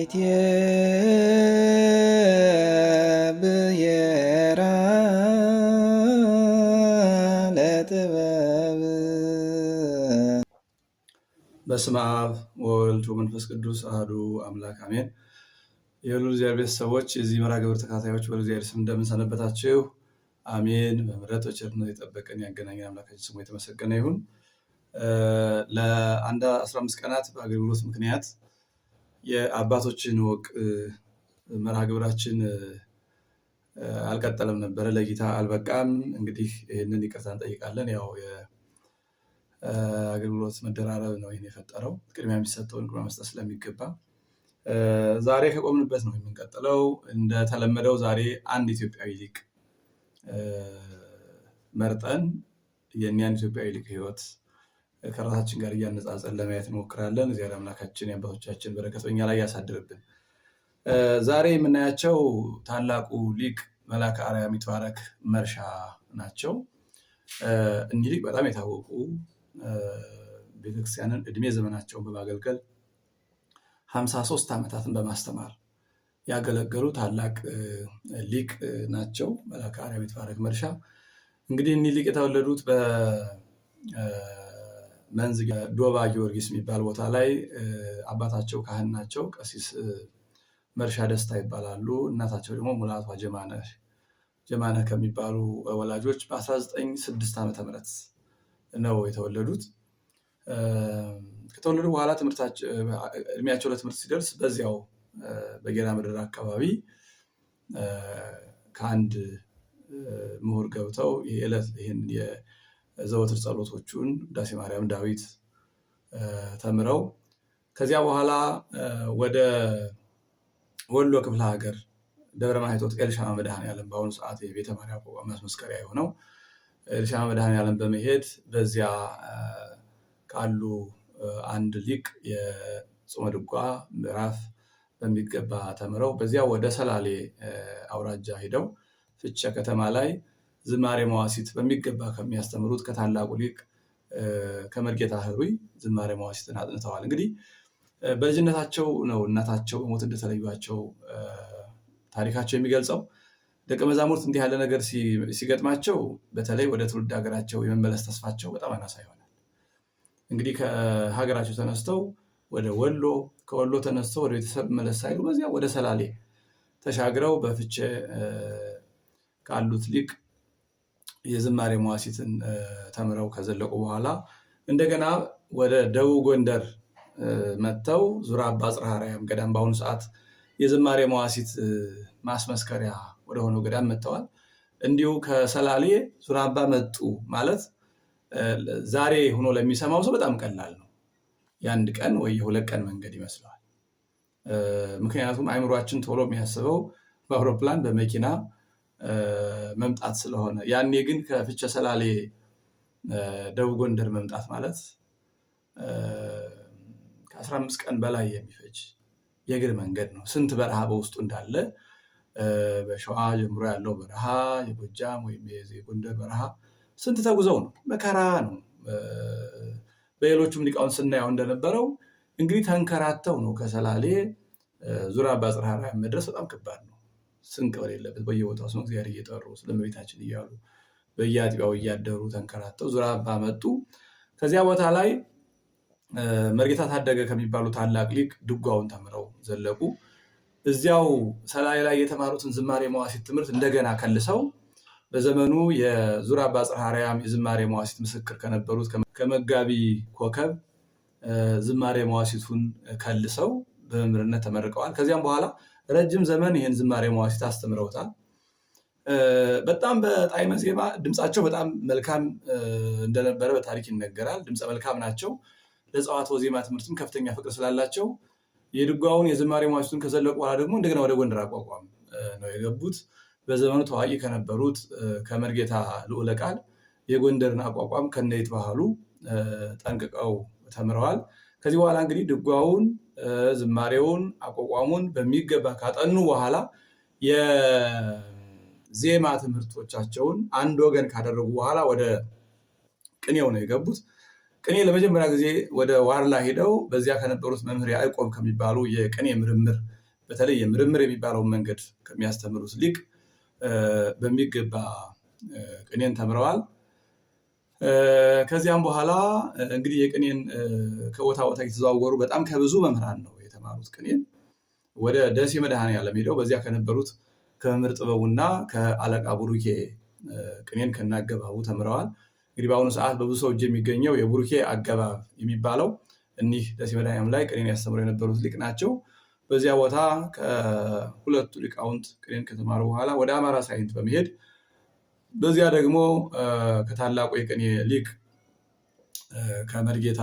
ይትብየራ በስመ አብ ወወልድ ወመንፈስ ቅዱስ አህዱ አምላክ አሜን። የሉ እግዚአብሔር ቤተሰቦች የዚህ መርሃ ግብር ተከታታዮች በእግዚአብሔር ስም እንደምን ሰነበታችሁ? አሜን። በምሕረት በቸርነት የጠበቀን ያገናኘን አምላካችን ስሙ የተመሰገነ ይሁን። ለአንድ አስራ አምስት ቀናት በአገልግሎት ምክንያት የአባቶችን ወቅ መርሃ ግብራችን አልቀጠለም ነበረ፣ ለጌታ አልበቃም። እንግዲህ ይህንን ይቅርታ እንጠይቃለን። ያው የአገልግሎት መደራረብ ነው ይህን የፈጠረው። ቅድሚያ የሚሰጠውን ቅድሚያ መስጠት ስለሚገባ ዛሬ ከቆምንበት ነው የምንቀጥለው። እንደተለመደው ዛሬ አንድ ኢትዮጵያዊ ሊቅ መርጠን የእኒያን ኢትዮጵያዊ ሊቅ ህይወት። ከራሳችን ጋር እያነጻጸን ለማየት እንሞክራለን። እግዚአብሔር አምላካችን የአባቶቻችን በረከት በኛ ላይ ያሳድርብን። ዛሬ የምናያቸው ታላቁ ሊቅ መልአከ አርያም ይትባረክ መርሻ ናቸው። እኒህ ሊቅ በጣም የታወቁ ቤተክርስቲያንን እድሜ ዘመናቸውን በማገልገል ሀምሳ ሶስት ዓመታትን በማስተማር ያገለገሉ ታላቅ ሊቅ ናቸው። መልአከ አርያም ይትባረክ መርሻ እንግዲህ እኒህ ሊቅ የተወለዱት በ መንዝ ዶባ ጊዮርጊስ የሚባል ቦታ ላይ አባታቸው ካህን ናቸው። ቀሲስ መርሻ ደስታ ይባላሉ። እናታቸው ደግሞ ሙላቷ ጀማነህ ጀማነህ ከሚባሉ ወላጆች በ 196 ዓ ም ነው የተወለዱት። ከተወለዱ በኋላ እድሜያቸው ለትምህርት ሲደርስ በዚያው በጌራ ምድር አካባቢ ከአንድ ምሁር ገብተው ይህን ዘወትር ጸሎቶቹን ዳሴ ማርያም፣ ዳዊት ተምረው ከዚያ በኋላ ወደ ወሎ ክፍለ ሀገር ደብረ ማይቶት ኤልሻማ መድኃኔዓለም በአሁኑ ሰዓት የቤተ ማርያም ማስመስከሪያ የሆነው ኤልሻማ መድኃኔዓለም በመሄድ በዚያ ካሉ አንድ ሊቅ የጾመ ድጓ ምዕራፍ በሚገባ ተምረው በዚያ ወደ ሰላሌ አውራጃ ሂደው ፍቼ ከተማ ላይ ዝማሬ መዋሲት በሚገባ ከሚያስተምሩት ከታላቁ ሊቅ ከመርጌታ ህሩይ ዝማሬ መዋሲትን አጥንተዋል። እንግዲህ በልጅነታቸው ነው እናታቸው በሞት እንደተለዩቸው ታሪካቸው የሚገልጸው። ደቀ መዛሙርት እንዲህ ያለ ነገር ሲገጥማቸው በተለይ ወደ ትውልድ ሀገራቸው የመመለስ ተስፋቸው በጣም አናሳ ይሆናል። እንግዲህ ከሀገራቸው ተነስተው ወደ ወሎ፣ ከወሎ ተነስተው ወደ ቤተሰብ መለስ ሳይሉ በዚያ ወደ ሰላሌ ተሻግረው በፍቼ ካሉት ሊቅ የዝማሬ መዋሲትን ተምረው ከዘለቁ በኋላ እንደገና ወደ ደቡብ ጎንደር መጥተው ዙራ አባ ጽርሐ አርያም ገዳም በአሁኑ ሰዓት የዝማሬ መዋሲት ማስመስከሪያ ወደሆነው ገዳም መጥተዋል። እንዲሁ ከሰላሌ ዙራ አባ መጡ ማለት ዛሬ ሆኖ ለሚሰማው ሰው በጣም ቀላል ነው። የአንድ ቀን ወይ የሁለት ቀን መንገድ ይመስለዋል። ምክንያቱም አይምሯችን ቶሎ የሚያስበው በአውሮፕላን በመኪና መምጣት ስለሆነ ያኔ ግን ከፍቼ ሰላሌ ደቡብ ጎንደር መምጣት ማለት ከአስራ አምስት ቀን በላይ የሚፈጅ የእግር መንገድ ነው። ስንት በረሃ በውስጡ እንዳለ በሸዋ ጀምሮ ያለው በረሃ የጎጃም ወይም የጎንደር በረሃ ስንት ተጉዘው ነው መከራ ነው። በሌሎቹም ሊቃውን ስናየው እንደነበረው እንግዲህ ተንከራተው ነው ከሰላሌ ዙሪያ በአጽራራ መድረስ በጣም ከባድ ነው። ስንቅ በሌለበት በየቦታው ስመ እግዚአብሔር እየጠሩ ስለመቤታችን እያሉ በየአጥቢያው እያደሩ ተንከራተው ዙራ መጡ። ከዚያ ቦታ ላይ መርጌታ ታደገ ከሚባሉ ታላቅ ሊቅ ድጓውን ተምረው ዘለቁ። እዚያው ሰላይ ላይ የተማሩትን ዝማሬ መዋሲት ትምህርት እንደገና ከልሰው በዘመኑ የዙራባ ጽርሐ አርያም የዝማሬ መዋሲት ምስክር ከነበሩት ከመጋቢ ኮከብ ዝማሬ መዋሲቱን ከልሰው በመምህርነት ተመርቀዋል። ከዚያም በኋላ ረጅም ዘመን ይህን ዝማሬ መዋሲት አስተምረውታል። በጣም በጣዕመ ዜማ ድምፃቸው በጣም መልካም እንደነበረ በታሪክ ይነገራል። ድምፀ መልካም ናቸው። ለጸዋትወ ዜማ ትምህርትም ከፍተኛ ፍቅር ስላላቸው የድጓውን የዝማሬ መዋሲቱን ከዘለቁ በኋላ ደግሞ እንደገና ወደ ጎንደር አቋቋም ነው የገቡት። በዘመኑ ታዋቂ ከነበሩት ከመርጌታ ልዑለ ቃል የጎንደርን አቋቋም ከነይት ባህሉ ጠንቅቀው ተምረዋል። ከዚህ በኋላ እንግዲህ ድጓውን ዝማሬውን አቋቋሙን በሚገባ ካጠኑ በኋላ የዜማ ትምህርቶቻቸውን አንድ ወገን ካደረጉ በኋላ ወደ ቅኔው ነው የገቡት። ቅኔ ለመጀመሪያ ጊዜ ወደ ዋርላ ሄደው በዚያ ከነበሩት መምህር ያዕቆብ ከሚባሉ የቅኔ ምርምር በተለይ የምርምር የሚባለውን መንገድ ከሚያስተምሩት ሊቅ በሚገባ ቅኔን ተምረዋል። ከዚያም በኋላ እንግዲህ የቅኔን ከቦታ ቦታ የተዘዋወሩ በጣም ከብዙ መምህራን ነው የተማሩት። ቅኔን ወደ ደሴ መድኃኔዓለም ሄደው በዚያ ከነበሩት ከመምህር ጥበቡና ከአለቃ ቡሩኬ ቅኔን ከናገባቡ ተምረዋል። እንግዲህ በአሁኑ ሰዓት በብዙ ሰው እጅ የሚገኘው የቡሩኬ አገባብ የሚባለው እኒህ ደሴ መድኃኔዓለም ላይ ቅኔን ያስተምሩ የነበሩት ሊቅ ናቸው። በዚያ ቦታ ከሁለቱ ሊቃውንት ቅኔን ከተማሩ በኋላ ወደ አማራ ሳይንት በመሄድ በዚያ ደግሞ ከታላቁ የቅኔ ሊቅ ከመርጌታ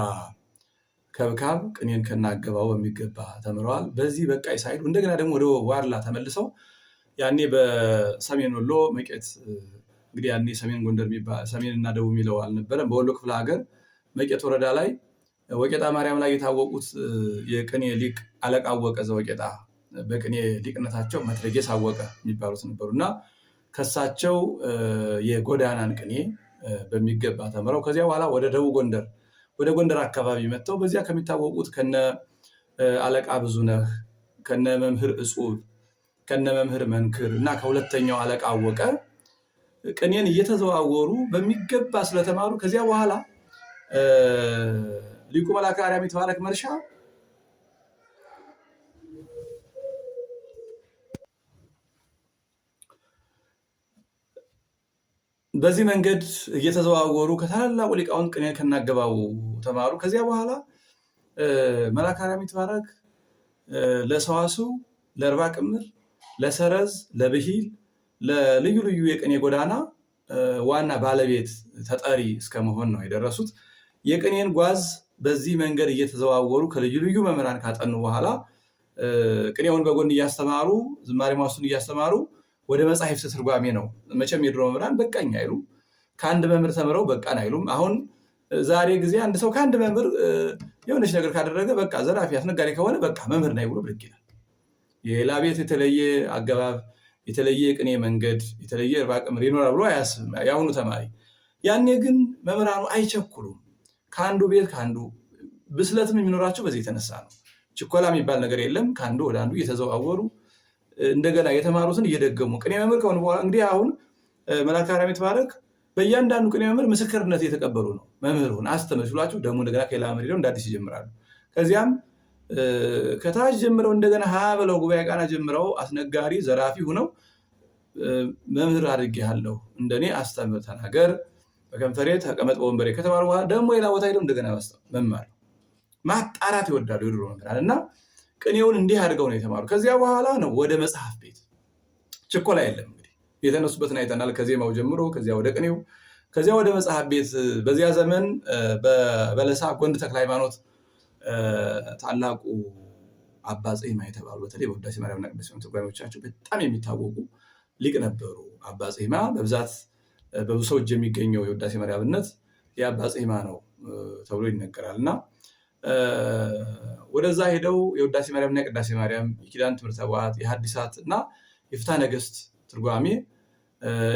ከብካብ ቅኔን ከናገባው በሚገባ ተምረዋል። በዚህ በቃ ሳይሉ እንደገና ደግሞ ወደ ዋርላ ተመልሰው ያኔ በሰሜን ወሎ መቄት እንግዲህ ያኔ ሰሜን ጎንደር ሰሜን እና ደቡብ የሚለው አልነበረም። በወሎ ክፍለ ሀገር መቄት ወረዳ ላይ ወቄጣ ማርያም ላይ የታወቁት የቅኔ ሊቅ አለቃ አወቀ ዘወቄጣ በቅኔ ሊቅነታቸው መትረጌስ አወቀ የሚባሉት ነበሩ እና ከሳቸው የጎዳናን ቅኔ በሚገባ ተምረው ከዚያ በኋላ ወደ ደቡብ ጎንደር ወደ ጎንደር አካባቢ መጥተው በዚያ ከሚታወቁት ከነ አለቃ ብዙነህ ከነ መምህር እጹብ ከነ መምህር መንክር እና ከሁለተኛው አለቃ አወቀ ቅኔን እየተዘዋወሩ በሚገባ ስለተማሩ ከዚያ በኋላ ሊቁ መልአከ አርያም ይትባረክ መርሻ በዚህ መንገድ እየተዘዋወሩ ከታላላቁ ሊቃውንት ቅኔ ከናገባው ተማሩ። ከዚያ በኋላ መልአከ አራዊት ባራክ ለሰዋስው፣ ለእርባ ቅምር፣ ለሰረዝ፣ ለብሂል፣ ለልዩ ልዩ የቅኔ ጎዳና ዋና ባለቤት ተጠሪ እስከመሆን ነው የደረሱት። የቅኔን ጓዝ በዚህ መንገድ እየተዘዋወሩ ከልዩ ልዩ መምህራን ካጠኑ በኋላ ቅኔውን በጎን እያስተማሩ ዝማሬ ማሱን እያስተማሩ ወደ መጽሐፍ ትርጓሜ ነው። መቼም የድሮ መምህራን በቃኝ አይሉም። ከአንድ መምህር ተምረው በቃን አይሉም። አሁን ዛሬ ጊዜ አንድ ሰው ከአንድ መምህር የሆነች ነገር ካደረገ በቃ ዘራፊ፣ አስነጋሪ ከሆነ በቃ መምህር ናይ ብሎ ብድግ ይላል። የሌላ ቤት የተለየ አገባብ፣ የተለየ ቅኔ መንገድ፣ የተለየ እርባ ቅምር ይኖራል ብሎ አያስብም የአሁኑ ተማሪ። ያኔ ግን መምህራኑ አይቸኩሉም። ከአንዱ ቤት ከአንዱ ብስለትም የሚኖራቸው በዚህ የተነሳ ነው። ችኮላ የሚባል ነገር የለም። ከአንዱ ወደ አንዱ እየተዘዋወሩ እንደገና የተማሩትን እየደገሙ ቅኔ መምህር ከሆነ በኋላ እንግዲህ አሁን መልአከ አርያም ይትባረክ በእያንዳንዱ ቅኔ መምህር ምስክርነት እየተቀበሉ ነው። መምህር ሁን አስተምር ሲሏቸው ደግሞ እንደገና ከሌላ መምህር ሄደው እንደ አዲስ ይጀምራሉ። ከዚያም ከታች ጀምረው እንደገና ሀ ብለው ጉባኤ ቃና ጀምረው አስነጋሪ ዘራፊ ሁነው መምህር አድርጌሃለሁ እንደኔ አስተምር፣ ተናገር፣ በከንፈሬ ተቀመጥ በወንበሬ ከተባሉ በኋላ ደግሞ ሌላ ቦታ ሄደው እንደገና መማር ማጣራት ይወዳሉ የድሮ መምህራን እና ቅኔውን እንዲህ አድርገው ነው የተማሩ። ከዚያ በኋላ ነው ወደ መጽሐፍ ቤት ችኮላ የለም። እንግዲህ የተነሱበትን አይተናል። ከዜማው ጀምሮ ከዚያ ወደ ቅኔው ከዚያ ወደ መጽሐፍ ቤት። በዚያ ዘመን በበለሳ ጎንድ ተክለ ሃይማኖት ታላቁ አባ ጺማ የተባሉ በተለይ በውዳሴ ማርያምና ቅዱስ ሲሆን በጣም የሚታወቁ ሊቅ ነበሩ። አባ ጺማ በብዛት በብዙ ሰው እጅ የሚገኘው የውዳሴ ማርያምነት የአባ ጺማ ነው ተብሎ ይነገራል እና ወደዛ ሄደው የውዳሴ ማርያምና የቅዳሴ ማርያም የኪዳን ትምህርት ሰብዓት የሐዲሳት እና የፍትሐ ነገሥት ትርጓሜ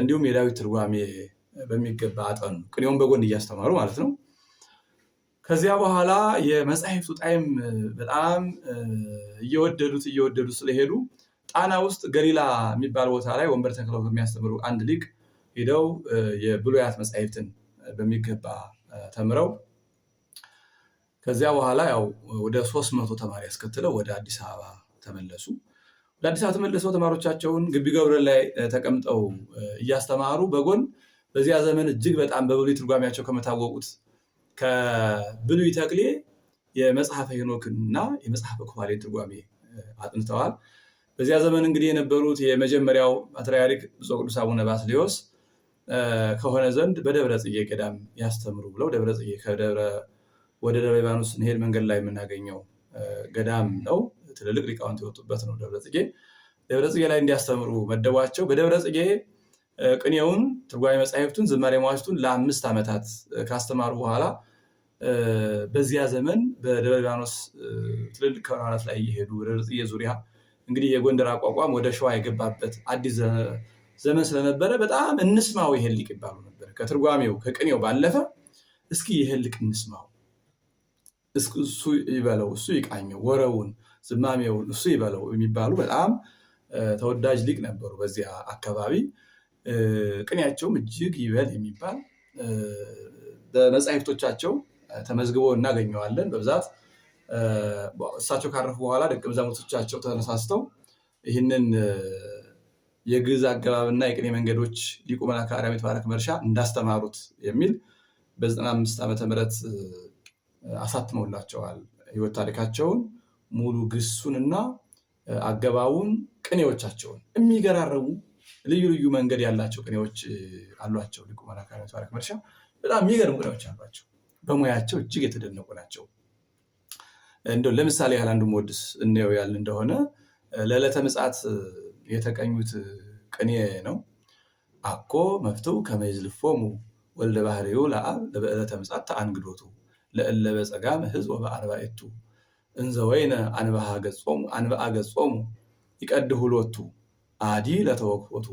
እንዲሁም የዳዊት ትርጓሜ በሚገባ አጠኑ። ቅኔውን በጎን እያስተማሩ ማለት ነው። ከዚያ በኋላ የመጽሐፍቱ ጣዕም በጣም እየወደዱት እየወደዱት ስለሄዱ ጣና ውስጥ ገሊላ የሚባል ቦታ ላይ ወንበር ተክለው በሚያስተምሩ አንድ ሊቅ ሄደው የብሉያት መጽሐፍትን በሚገባ ተምረው ከዚያ በኋላ ያው ወደ ሶስት መቶ ተማሪ ያስከትለው ወደ አዲስ አበባ ተመለሱ። ወደ አዲስ አበባ ተመልሰው ተማሪዎቻቸውን ግቢ ገብረ ላይ ተቀምጠው እያስተማሩ በጎን በዚያ ዘመን እጅግ በጣም በብሉይ ትርጓሚያቸው ከመታወቁት ከብሉይ ተክሌ የመጽሐፈ ሄኖክን እና የመጽሐፈ ኩፋሌን ትርጓሜ አጥንተዋል። በዚያ ዘመን እንግዲህ የነበሩት የመጀመሪያው ፓትርያርክ ብፁዕ ቅዱስ አቡነ ባስልዮስ ከሆነ ዘንድ በደብረ ጽጌ ገዳም ያስተምሩ ብለው ደብረ ጽጌ ከደብረ ወደ ደብረ ሊባኖስ ስንሄድ መንገድ ላይ የምናገኘው ገዳም ነው። ትልልቅ ሊቃውንት የወጡበት ነው ደብረጽጌ። ደብረጽጌ ላይ እንዲያስተምሩ መደቧቸው። በደብረጽጌ ቅኔውን፣ ትርጓሜ መጻሕፍቱን፣ ዝማሬ መዋዕቱን ለአምስት ዓመታት ካስተማሩ በኋላ በዚያ ዘመን በደብረ ሊባኖስ ትልልቅ ካህናት ላይ እየሄዱ ደብረጽጌ ዙሪያ እንግዲህ የጎንደር አቋቋም ወደ ሸዋ የገባበት አዲስ ዘመን ስለነበረ በጣም እንስማው ይሄን ሊቅ ይባሉ ነበር። ከትርጓሜው ከቅኔው ባለፈ እስኪ ይሄን ሊቅ እንስማው እሱ ይበለው፣ እሱ ይቃኘው፣ ወረውን፣ ዝማሜውን እሱ ይበለው የሚባሉ በጣም ተወዳጅ ሊቅ ነበሩ በዚያ አካባቢ። ቅኔያቸውም እጅግ ይበል የሚባል በመጻሕፍቶቻቸው ተመዝግቦ እናገኘዋለን። በብዛት እሳቸው ካረፉ በኋላ ደቀ መዛሙርቶቻቸው ተነሳስተው ይህንን የግዕዝ አገባብና የቅኔ መንገዶች ሊቁ መልአከ አርያም ይትባረክ መርሻ እንዳስተማሩት የሚል በ95 ዓመተ ምህረት አሳትመውላቸዋል። ህይወት ታሪካቸውን ሙሉ ግሱንና አገባቡን ቅኔዎቻቸውን የሚገራረሙ ልዩ ልዩ መንገድ ያላቸው ቅኔዎች አሏቸው። ሊቁ መልአከ ተባረክ መርሻ በጣም የሚገርሙ ቅኔዎች አሏቸው። በሙያቸው እጅግ የተደነቁ ናቸው። እንደው ለምሳሌ ያህል አንዱ ሞድስ እንየው ያል እንደሆነ ለዕለተ ምጽአት የተቀኙት ቅኔ ነው። አኮ መፍትው ከመይዝልፎሙ ወልደ ባህሪው ለአብ ለበዕለተ ምጽአት ተአንግዶቱ ለእለበ ጸጋም ህዝብ በአርባዕቱ እንዘወይነ አንብአ ገጾሙ አንብአ ገጾሙ ይቀድሁ ሎቱ አዲ ለተወክፎቱ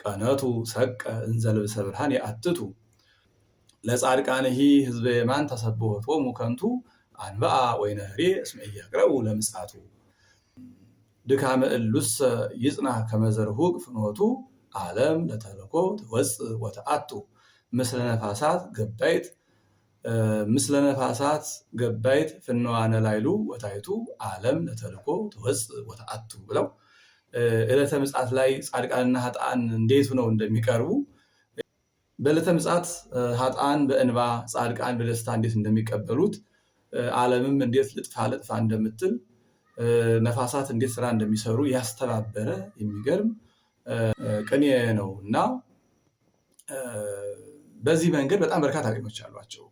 ቀነቱ ሰቀ እንዘ ልብሰ ብርሃን የአትቱ ለጻድቃንሂ ህዝበ የማን ተሰብሖቶሙ ከንቱ አንብአ ወይነህሬ እስመ ኢያቅረቡ ለምጽአቱ ድካመ እሉሰ ይጽናሕ ከመ ዘርሁቅ ፍኖቱ ዓለም ለተልእኮ ትወፅእ ወተአቱ ምስለ ነፋሳት ገባይት ምስለ ነፋሳት ገባይት ፍነዋነ ላይሉ ወታይቱ ዓለም ለተልኮ ትወፅ ወተአቱ ብለው ዕለተ ምጽአት ላይ ጻድቃንና ሀጣን እንዴት ነው እንደሚቀርቡ በዕለተ ምጽአት ሀጣን በእንባ ጻድቃን በደስታ እንዴት እንደሚቀበሉት ዓለምም እንዴት ልጥፋ ልጥፋ እንደምትል ነፋሳት እንዴት ስራ እንደሚሰሩ ያስተባበረ የሚገርም ቅኔ ነው እና በዚህ መንገድ በጣም በርካታ ቅኔዎች አሏቸው።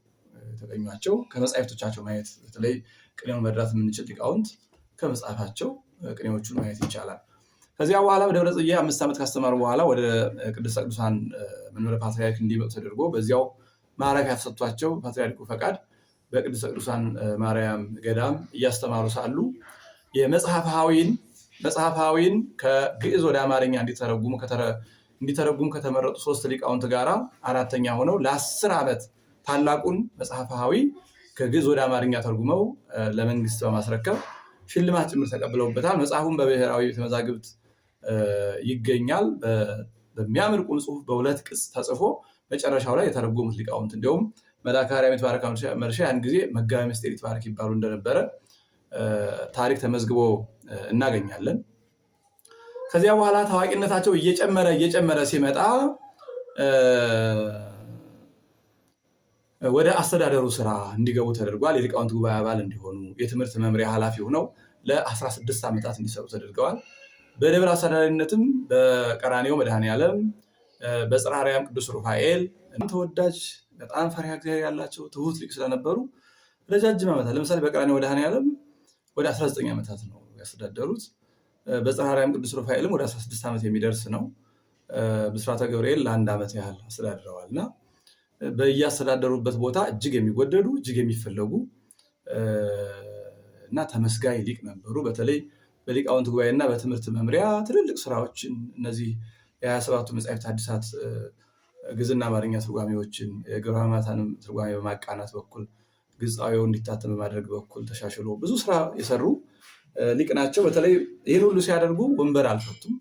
የተገኟቸው ከመጽሐፍቶቻቸው ማየት በተለይ ቅኔውን መድራት የምንችል ሊቃውንት ከመጽሐፋቸው ቅኔዎቹን ማየት ይቻላል። ከዚያ በኋላ በደብረ ጽጌ አምስት ዓመት ካስተማሩ በኋላ ወደ ቅድስተ ቅዱሳን መንበረ ፓትርያርክ እንዲመጡ ተደርጎ በዚያው ማረፊያ ተሰጥቷቸው ፓትርያርኩ ፈቃድ በቅድስተ ቅዱሳን ማርያም ገዳም እያስተማሩ ሳሉ የመጽሐፍ ሐዊን ከግዕዝ ወደ አማርኛ እንዲተረጉሙ ከተመረጡ ሶስት ሊቃውንት ጋራ አራተኛ ሆነው ለአስር ዓመት ታላቁን መጽሐፈ ሐዊ ከግዕዝ ወደ አማርኛ ተርጉመው ለመንግስት በማስረከብ ሽልማት ጭምር ተቀብለውበታል። መጽሐፉን በብሔራዊ ቤተመዛግብት ይገኛል። በሚያምር ቁም ጽሁፍ በሁለት ቅጽ ተጽፎ መጨረሻው ላይ የተረጎሙት ሊቃውንት እንዲሁም መላከ አርያም መርሻ ያን ጊዜ መጋቢ ምስጢር ይትባረክ ይባሉ እንደነበረ ታሪክ ተመዝግቦ እናገኛለን። ከዚያ በኋላ ታዋቂነታቸው እየጨመረ እየጨመረ ሲመጣ ወደ አስተዳደሩ ስራ እንዲገቡ ተደርጓል። የሊቃውንት ጉባኤ አባል እንዲሆኑ፣ የትምህርት መምሪያ ኃላፊ ሆነው ለ16 ዓመታት እንዲሰሩ ተደርገዋል። በደብረ አስተዳዳሪነትም በቀራኒው መድኃኔዓለም፣ በጽርሐ አርያም ቅዱስ ሩፋኤል ተወዳጅ በጣም ፈሪሃ እግዚአብሔር ያላቸው ትሁት ሊቅ ስለነበሩ ረጃጅም ዓመታት ለምሳሌ በቀራንዮ መድኃኔዓለም ወደ 19 ዓመታት ነው ያስተዳደሩት። በጽርሐ አርያም ቅዱስ ሩፋኤልም ወደ 16 ዓመት የሚደርስ ነው። ብስራተ ገብርኤል ለአንድ ዓመት ያህል አስተዳድረዋል እና በያስተዳደሩበት ቦታ እጅግ የሚወደዱ እጅግ የሚፈለጉ እና ተመስጋኝ ሊቅ ነበሩ። በተለይ በሊቃውንት ጉባኤና በትምህርት መምሪያ ትልልቅ ስራዎችን እነዚህ የሀያ ሰባቱ መጽሐፍት አዲሳት ግዕዝና አማርኛ ትርጓሜዎችን የገብረ ሕማማትንም ትርጓሜ በማቃናት በኩል ግዕዛዊው እንዲታተም በማድረግ በኩል ተሻሽሎ ብዙ ስራ የሰሩ ሊቅ ናቸው። በተለይ ይህን ሁሉ ሲያደርጉ ወንበር አልፈቱም።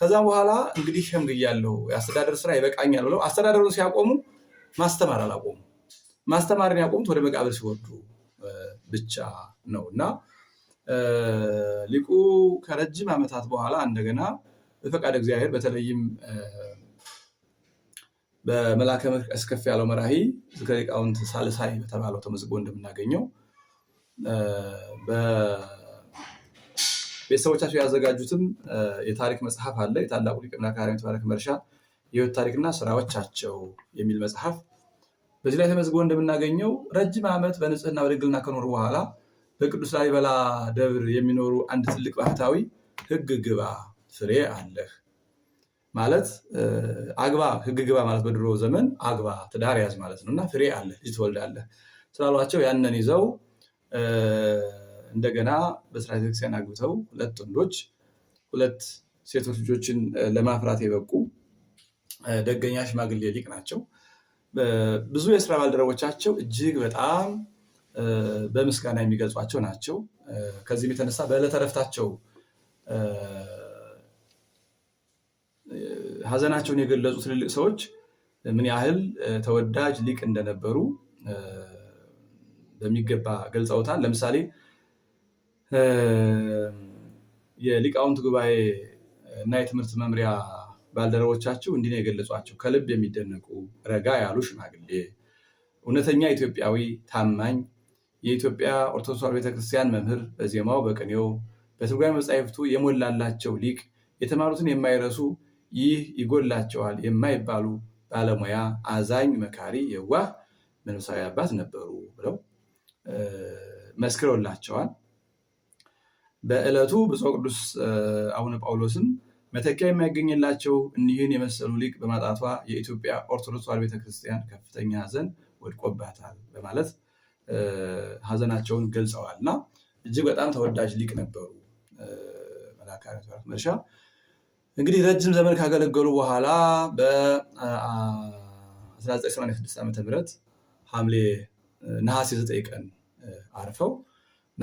ከዛም በኋላ እንግዲህ ሸምግያለሁ፣ የአስተዳደር ስራ ይበቃኛል ብለው አስተዳደሩን ሲያቆሙ ማስተማር አላቆሙ። ማስተማርን ያቆሙት ወደ መቃብር ሲወርዱ ብቻ ነው እና ሊቁ ከረጅም ዓመታት በኋላ እንደገና በፈቃድ እግዚአብሔር በተለይም በመላከ እስከፍ ያለው መራሂ ዝክረ ሊቃውንት ሳልሳይ በተባለው ተመዝግቦ እንደምናገኘው ቤተሰቦቻቸው ያዘጋጁትም የታሪክ መጽሐፍ አለ። የታላቁ ሊቅና ሊቅ መላከ መርሻ የህይወት ታሪክና ስራዎቻቸው የሚል መጽሐፍ በዚህ ላይ ተመዝግቦ እንደምናገኘው ረጅም ዓመት በንጽህና በድንግልና ከኖሩ በኋላ በቅዱስ ላሊበላ ደብር የሚኖሩ አንድ ትልቅ ባህታዊ ህግ ግባ ፍሬ አለህ ማለት አግባ፣ ህግ ግባ ማለት በድሮ ዘመን አግባ ትዳር ያዝ ማለት ነው እና ፍሬ አለህ ልጅ ትወልዳለህ ስላሏቸው ያንን ይዘው እንደገና በስራ ቤተክርስቲያን አግብተው ሁለት ወንዶች ሁለት ሴቶች ልጆችን ለማፍራት የበቁ ደገኛ ሽማግሌ ሊቅ ናቸው። ብዙ የስራ ባልደረቦቻቸው እጅግ በጣም በምስጋና የሚገልጿቸው ናቸው። ከዚህም የተነሳ በዕለተ ሀዘናቸውን የገለጹ ትልልቅ ሰዎች ምን ያህል ተወዳጅ ሊቅ እንደነበሩ በሚገባ ገልጸውታል። ለምሳሌ የሊቃውንት ጉባኤ እና የትምህርት መምሪያ ባልደረቦቻቸው እንዲህ ነው የገለጿቸው። ከልብ የሚደነቁ ረጋ ያሉ ሽማግሌ፣ እውነተኛ ኢትዮጵያዊ፣ ታማኝ የኢትዮጵያ ኦርቶዶክስ ተዋሕዶ ቤተክርስቲያን መምህር፣ በዜማው በቅኔው በትርጓሜ መጻሕፍቱ የሞላላቸው ሊቅ፣ የተማሩትን የማይረሱ ይህ ይጎላቸዋል የማይባሉ ባለሙያ፣ አዛኝ፣ መካሪ፣ የዋህ መንፈሳዊ አባት ነበሩ ብለው መስክረውላቸዋል። በዕለቱ ብፁዕ ቅዱስ አቡነ ጳውሎስም መተኪያ የሚያገኝላቸው እኒህን የመሰሉ ሊቅ በማጣቷ የኢትዮጵያ ኦርቶዶክስ ተዋሕዶ ቤተክርስቲያን ከፍተኛ ሐዘን ወድቆባታል በማለት ሐዘናቸውን ገልጸዋል እና እጅግ በጣም ተወዳጅ ሊቅ ነበሩ መላከ መርሻ። እንግዲህ ረጅም ዘመን ካገለገሉ በኋላ በ1986 ዓ ም ሐምሌ ነሐሴ 9 ቀን አርፈው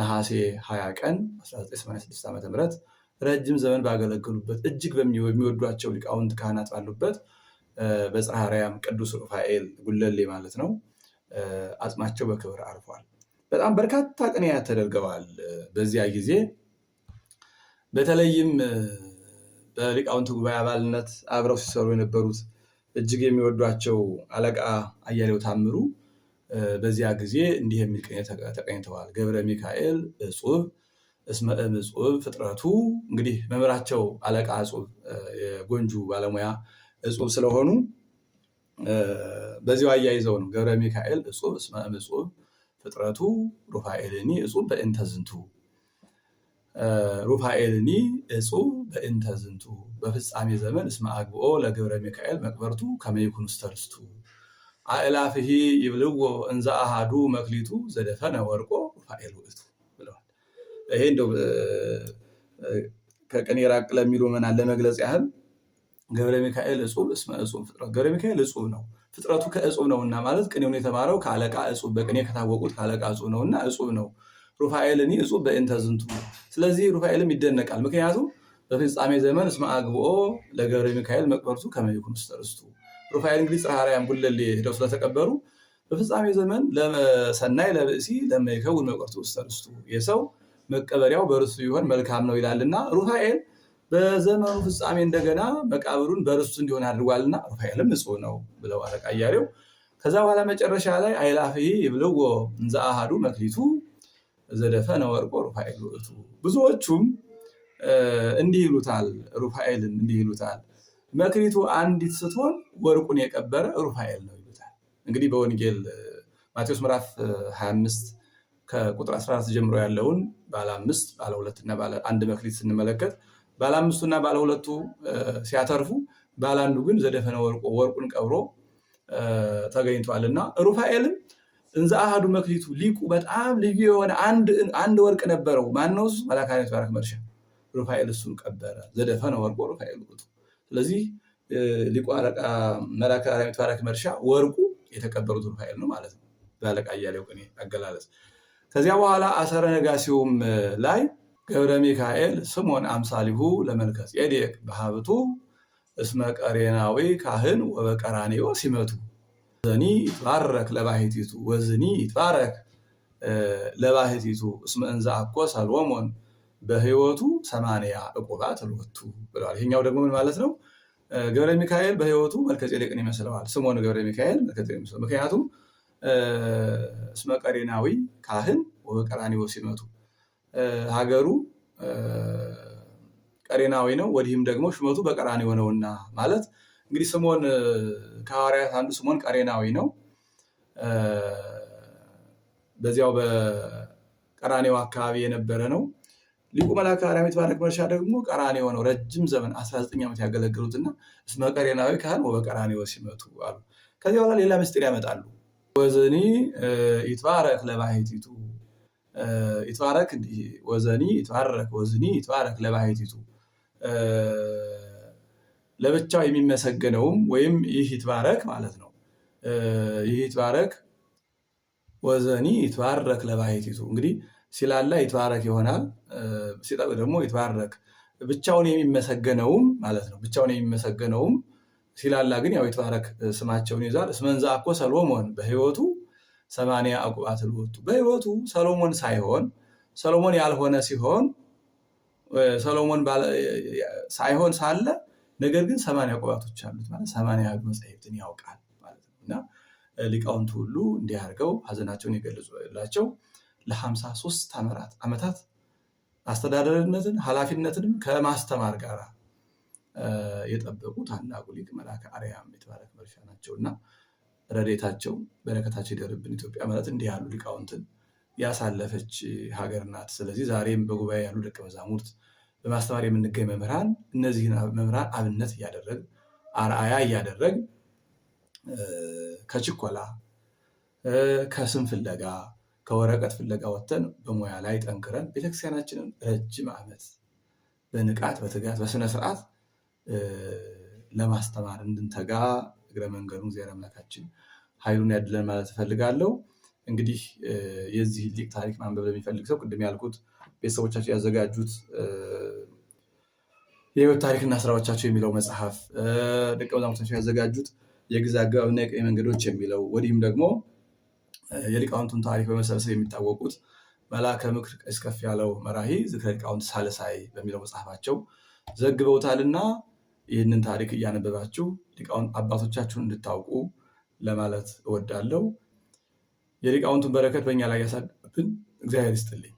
ነሐሴ 20 ቀን 1986 ዓ ም ረጅም ዘመን ባገለገሉበት እጅግ በሚወዷቸው ሊቃውንት ካህናት ባሉበት በጽርሐ ቅዱስ ሩፋኤል ጉለሌ ማለት ነው አጽማቸው በክብር አርፏል። በጣም በርካታ ቅንያት ተደርገዋል በዚያ ጊዜ በተለይም በሊቃውንት ጉባኤ አባልነት አብረው ሲሰሩ የነበሩት እጅግ የሚወዷቸው አለቃ አያሌው ታምሩ በዚያ ጊዜ እንዲህ የሚል ቅኔ ተቀኝተዋል። ገብረ ሚካኤል እጹብ እስመ እጽብ ፍጥረቱ እንግዲህ መምህራቸው አለቃ እጽብ የጎንጁ ባለሙያ እጽብ ስለሆኑ በዚያው አያይዘው ነው ገብረ ሚካኤል እጹብ እስመ እጹብ ፍጥረቱ ሩፋኤልኒ እጹብ በእንተዝንቱ ሩፋኤልኒ እጹብ በእንተዝንቱ ዝንቱ በፍጻሜ ዘመን እስመ አግብኦ ለገብረ ሚካኤል መቅበርቱ ከመ ይኩን አእላፍሂ ይብልዎ እንዘ አሃዱ መክሊቱ ዘደፈነ ወርቆ ሩፋኤል ውእቱ ይሄ እንደው ከቅኔ ራቅ ለሚሉ ምናምን ለመግለጽ ያህል ገብረ ሚካኤል እጹብ እስመ እጹብ ፍጥረት ገብረ ሚካኤል እጹብ ነው፣ ፍጥረቱ ከእጹብ ነው እና ማለት ቅኔውን የተማረው ከአለቃ እጹብ በቅኔ ከታወቁት ከአለቃ እጹብ ነው እና እጹብ ነው። ሩፋኤል እኒ እጹብ በእንተ ዝንቱ። ስለዚህ ሩፋኤልም ይደነቃል። ምክንያቱም በፍጻሜ ዘመን እስመ አግብኦ ለገብረ ሚካኤል መቅበርቱ ከመ ይኩን ውስተ ርስቱ። ሩፋኤል እንግዲህ ጽርሐ አርያም ጉለሌ ሄደው ስለተቀበሩ በፍጻሜ ዘመን ለሰናይ ለብእሲ ለመይከውን መቅበርቱ ውስተ ርስቱ የሰው መቀበሪያው በእርሱ ይሆን መልካም ነው ይላልና ሩፋኤል በዘመኑ ፍጻሜ እንደገና መቃብሩን በእርሱ እንዲሆን አድርጓልና ሩፋኤልም ንጹሕ ነው ብለው አለቃ እያሌው ከዛ በኋላ መጨረሻ ላይ አይላፍ ይብልዎ እንዘ አሐዱ መክሊቱ ዘደፈ ነወርቆ ሩፋኤል ውእቱ። ብዙዎቹም እንዲህ ይሉታል፣ ሩፋኤልን እንዲህ ይሉታል፣ መክሊቱ አንዲት ስትሆን ወርቁን የቀበረ ሩፋኤል ነው ይሉታል። እንግዲህ በወንጌል ማቴዎስ ምዕራፍ 25 ከቁጥር 14 ጀምሮ ያለውን ባለ አምስት ባለ ሁለት እና ባለ አንድ መክሊት ስንመለከት ባለ አምስቱ እና ባለ ሁለቱ ሲያተርፉ ባለ አንዱ ግን ዘደፈነ ወርቆ ወርቁን ቀብሮ ተገኝቷል እና ሩፋኤልም እንዘ አሃዱ መክሊቱ ሊቁ በጣም ልዩ የሆነ አንድ ወርቅ ነበረው። ማነው እሱ? መላካነት ባረክ መርሻ ሩፋኤል እሱን ቀበረ። ዘደፈነ ወርቆ ሩፋኤል ውእቱ። ስለዚህ ሊቁ አለቃ መልአከ ባረክ መርሻ ወርቁ የተቀበሩት ሩፋኤል ነው ማለት ነው በአለቃ እያሌው ቅኔ አገላለጽ ከዚያ በኋላ አሰረ ነጋሲውም ላይ ገብረ ሚካኤል ስሞን አምሳሊሁ ለመልከስ ጼዴቅ በሀብቱ እስመ ቀሬናዊ ካህን ወበቀራኔዮ ሲመቱ ዘኒ ይትባረክ ለባህቲቱ ወዝኒ ይትባረክ ለባህቲቱ እስመ እንዘ አኮ ሰሎሞን በህይወቱ ሰማንያ ዕቁባት ተልወቱ ብለዋል። ይሄኛው ደግሞ ምን ማለት ነው? ገብረ ሚካኤል በህይወቱ መልከ ይመስለዋል። ስሞን ገብረ ሚካኤል ምክንያቱም እስመ ቀሬናዊ ካህን ወበቀራንዮ ሲመቱ ሀገሩ ቀሬናዊ ነው፣ ወዲህም ደግሞ ሽመቱ በቀራንዮ ነውና ማለት እንግዲህ ስሞን ከሐዋርያት አንዱ ስሞን ቀሬናዊ ነው። በዚያው በቀራንዮ አካባቢ የነበረ ነው። ሊቁ መልአከ አርያም ይትባረክ መርሻ ደግሞ ቀራንዮ ነው። ረጅም ዘመን 19 ዓመት ያገለግሉትና እስመ ቀሬናዊ ካህን ወበቀራንዮ ሲመቱ አሉ። ከዚያ በኋላ ሌላ ምስጢር ያመጣሉ። ወዘኒ ይትባረክ ለባህቲቱ ይትባረክ ወዘኒ ይትባረክ ወዝኒ ይትባረክ ለባሕቲቱ ለብቻው የሚመሰገነውም ወይም ይህ ይትባረክ ማለት ነው። ይህ ይትባረክ ወዘኒ ይትባረክ ለባህቲቱ እንግዲህ ሲላላ ይትባረክ ይሆናል። ሲጠቅ ደግሞ ይትባረክ ብቻውን የሚመሰገነውም ማለት ነው። ብቻውን የሚመሰገነውም ሲላላ ግን ያው የተባረክ ስማቸውን ይዛል። እስመንዛ እኮ ሰሎሞን በህይወቱ ሰማንያ አቁባት ልወጡ በህይወቱ ሰሎሞን ሳይሆን ሰሎሞን ያልሆነ ሲሆን ሰሎሞን ሳይሆን ሳለ ነገር ግን ሰማንያ ቁባቶች አሉት ማለት ሰማንያ ሕግ ያውቃል ማለት ነው። እና ሊቃውንት ሁሉ እንዲያርገው ሀዘናቸውን የገለጹላቸው ለሀምሳ ሶስት ዓመታት አስተዳደርነትን ኃላፊነትንም ከማስተማር ጋር የጠበቁ ታላቁ ሊቅ መልአከ አርያም የተባለ መርሻ ናቸው እና ረዴታቸው በረከታቸው ይደርብን። ኢትዮጵያ ማለት እንዲህ ያሉ ሊቃውንትን ያሳለፈች ሀገር ናት። ስለዚህ ዛሬም በጉባኤ ያሉ ደቀ መዛሙርት፣ በማስተማር የምንገኝ መምህራን እነዚህን መምህራን አብነት እያደረግ አርአያ እያደረግ ከችኮላ ከስም ፍለጋ ከወረቀት ፍለጋ ወጥተን በሙያ ላይ ጠንክረን ቤተክርስቲያናችንን ረጅም ዓመት በንቃት በትጋት በስነስርዓት። ለማስተማር እንድንተጋ እግረ መንገዱን ዜረ አምላካችን ኃይሉን ያድለን ማለት እፈልጋለሁ። እንግዲህ የዚህ ሊቅ ታሪክ ማንበብ ለሚፈልግ ሰው ቅድም ያልኩት ቤተሰቦቻቸው ያዘጋጁት የህይወት ታሪክና ስራዎቻቸው የሚለው መጽሐፍ፣ ደቀ መዛሙርታቸው ያዘጋጁት የግዕዝ አገባብና የቀኝ መንገዶች የሚለው ወዲህም ደግሞ የሊቃውንቱን ታሪክ በመሰብሰብ የሚታወቁት መልአከ ምክር ቀሲስ ያለው መራሂ ዝክረ ሊቃውንት ሳልሳይ በሚለው መጽሐፋቸው ዘግበውታልና ይህንን ታሪክ እያነበባችሁ ሊቃውንት አባቶቻችሁን እንድታውቁ ለማለት እወዳለሁ። የሊቃውንቱን በረከት በእኛ ላይ ያሳድብን። እግዚአብሔር ይስጥልኝ።